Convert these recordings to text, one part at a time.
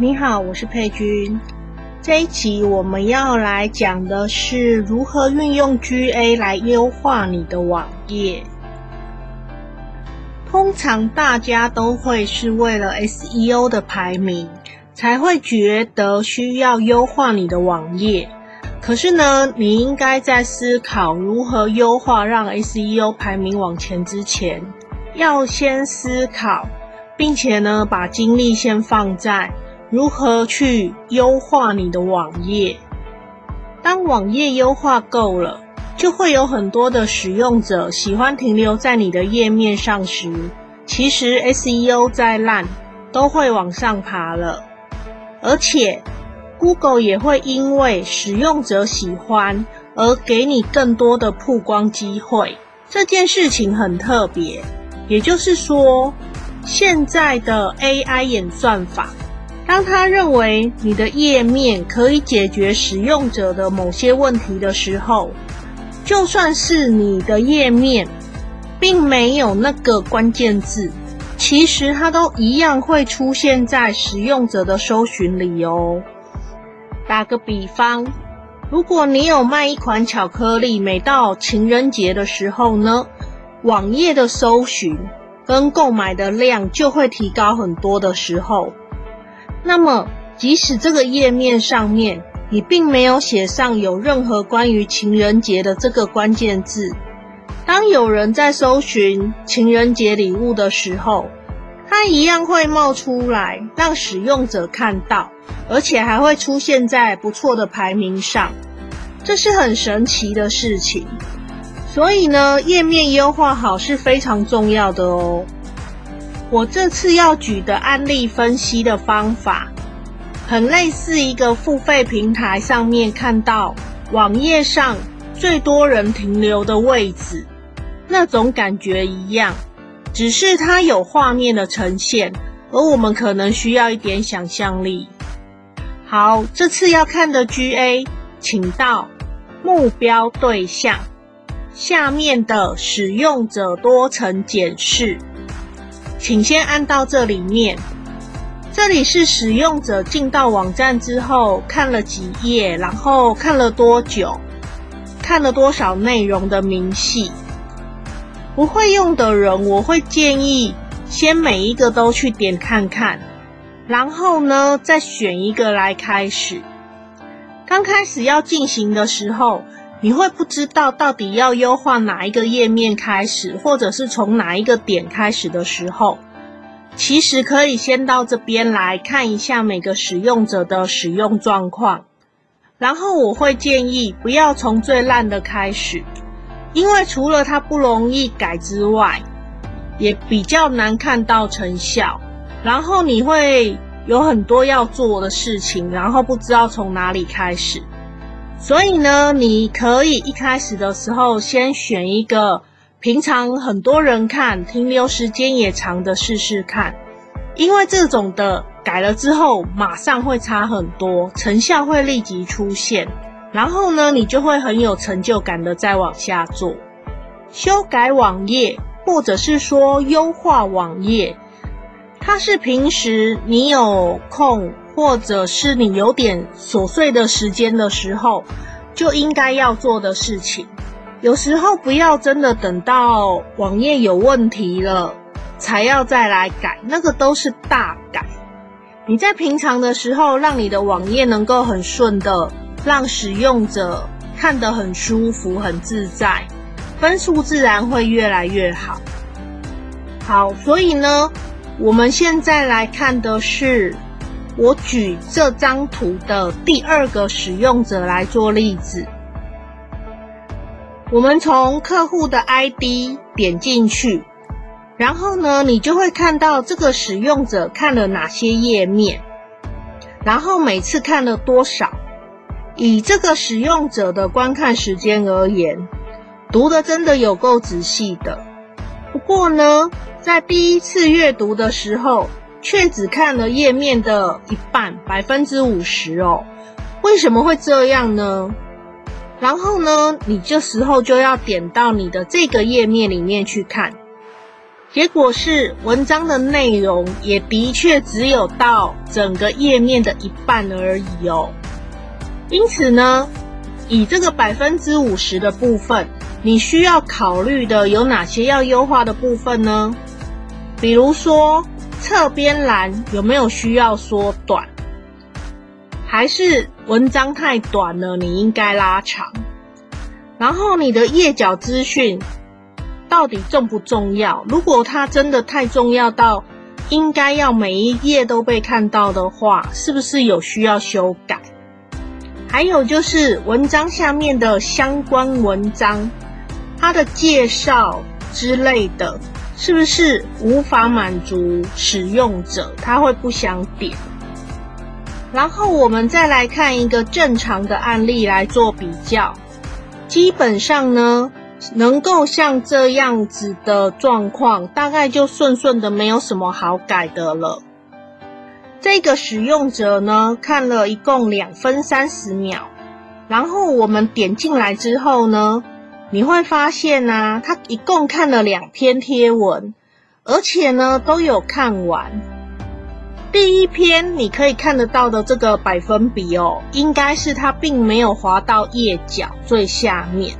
你好，我是佩君。這一集我們要來講的是如何運用 GA 來優化你的網頁。通常大家都會是為了 SEO 的排名，才會覺得需要優化你的網頁。可是呢，你應該在思考如何優化讓 SEO 排名往前之前，要先思考，並且呢，把精力先放在，如何去優化你的網頁？當網頁優化夠了，就會有很多的使用者喜歡停留在你的頁面上時，其實 SEO 再爛都會往上爬了。而且 Google 也會因為使用者喜歡而給你更多的曝光機會。這件事情很特別，也就是說，現在的 AI 演算法。當他認為你的頁面可以解決使用者的某些問題的時候，就算是你的頁面並沒有那個關鍵字，其實它都一樣會出現在使用者的搜尋裡哦。打個比方，如果你有賣一款巧克力，每到情人節的時候呢，網頁的搜尋跟購買的量就會提高很多的時候。那麼，即使這個頁面上面你並沒有寫上有任何關於情人節的這個關鍵字，當有人在搜尋情人節禮物的時候，它一樣會冒出來讓使用者看到，而且還會出現在不錯的排名上。這是很神奇的事情，所以呢，頁面優化好是非常重要的哦。我這次要舉的案例分析的方法，很類似一個付費平台上面看到網頁上最多人停留的位置，那種感覺一樣，只是它有畫面的呈現，而我們可能需要一點想象力。好，這次要看的 GA，請到目標對象下面的使用者多層檢視。請先按到這裡面，這裡是使用者進到網站之後，看了幾頁，然後看了多久，看了多少內容的明細。不會用的人，我會建議先每一個都去點看看，然後呢，再選一個來開始。剛開始要進行的時候，你會不知道到底要優化哪一個頁面開始，或者是從哪一個點開始的時候，其實可以先到這邊來看一下每個使用者的使用狀況。然後我會建議不要從最爛的開始，因為除了它不容易改之外，也比較難看到成效。然後你會有很多要做的事情，然後不知道從哪裡開始。所以呢，你可以一開始的時候先選一個平常很多人看、停留時間也長的試試看，因為這種的改了之後馬上會差很多，成效會立即出現，然後呢，你就會很有成就感的再往下做，修改網頁或者是說優化網頁，它是平時你有空。或者是你有點瑣碎的時間的時候，就應該要做的事情。有時候不要真的等到網頁有問題了才要再來改，那個都是大改。你在平常的時候，讓你的網頁能夠很順的，讓使用者看得很舒服、很自在，分數自然會越來越好。好，所以呢，我們現在來看的是。我舉這張圖的第二個使用者來做例子，我們從客戶的 ID 點進去，然後呢，你就會看到這個使用者看了哪些頁面，然後每次看了多少。以這個使用者的觀看時間而言，讀的真的有夠仔細的。不過呢，在第一次閱讀的時候，卻只看了頁面的一半，百分之五十哦。為什麼會這樣呢？然後呢，你這時候就要點到你的這個頁面裡面去看，結果是文章的內容也的確只有到整個頁面的一半而已哦。因此呢，以這個百分之五十的部分，你需要考慮的有哪些要優化的部分呢？比如說。側邊欄有沒有需要縮短？還是文章太短了，你應該拉長？然後你的頁腳資訊到底重不重要？如果它真的太重要到應該要每一頁都被看到的話，是不是有需要修改？還有就是文章下面的相關文章，它的介紹之類的。是不是無法滿足使用者，他會不想點？然後我們再來看一個正常的案例來做比較。基本上呢，能夠像這樣子的狀況，大概就順順的，沒有什麼好改的了。這個使用者呢，看了一共兩分三十秒，然後我們點進來之後呢，你會發現呢、啊，他一共看了兩篇貼文，而且呢都有看完。第一篇你可以看得到的這個百分比哦，應該是他並沒有滑到頁腳最下面。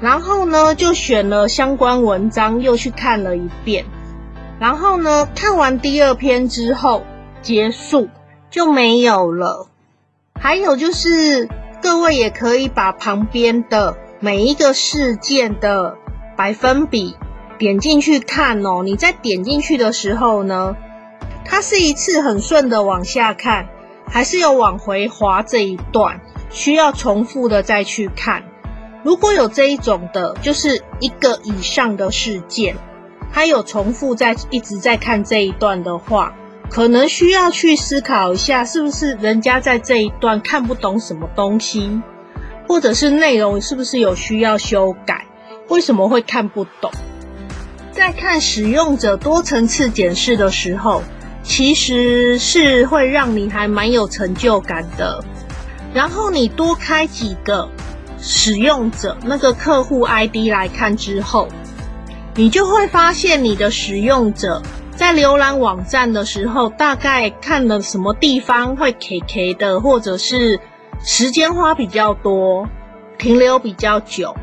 然後呢，就選了相關文章又去看了一遍。然後呢，看完第二篇之後結束就沒有了。還有就是各位也可以把旁邊的。每一個事件的百分比，點進去看哦。你再點進去的時候呢，它是一次很順的往下看，還是有往回滑這一段，需要重複的再去看？如果有這一種的，就是一個以上的事件，它有重複在一直在看這一段的話，可能需要去思考一下，是不是人家在這一段看不懂什麼東西？或者是內容是不是有需要修改？為什麼會看不懂？在看使用者多層次檢視的時候，其實是會讓你還蠻有成就感的。然後你多開幾個使用者，那個客戶 ID 來看之後，你就會發現你的使用者在瀏覽網站的時候，大概看了什麼地方會 KK 的，或者是。時間花比較多，停留比較久，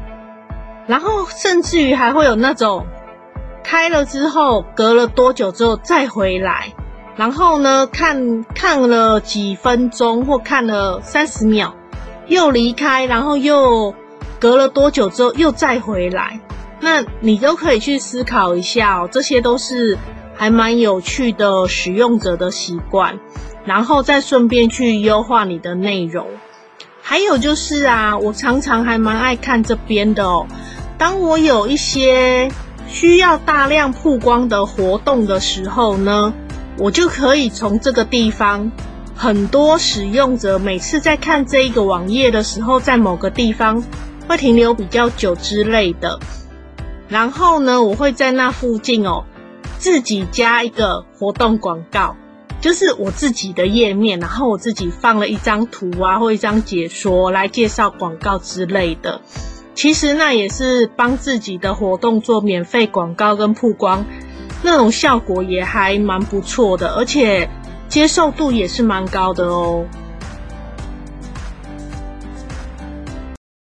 然後甚至於還會有那種，開了之後隔了多久之後再回來，然後呢，看看了幾分鐘或看了三十秒又離開，然後又隔了多久之後又再回來，那你都可以去思考一下哦、喔，這些都是還蠻有趣的使用者的習慣，然後再順便去優化你的內容。還有就是啊，我常常還蠻愛看這邊的哦。當我有一些需要大量曝光的活動的時候呢，我就可以從這個地方，很多使用者每次在看這一個網頁的時候，在某個地方會停留比較久之類的。然後呢，我會在那附近哦，自己加一個活動廣告。就是我自己的頁面，然後我自己放了一張圖啊，或一張解說來介紹廣告之類的。其實那也是幫自己的活動做免費廣告跟曝光，那種效果也還蠻不錯的，而且接受度也是蠻高的哦。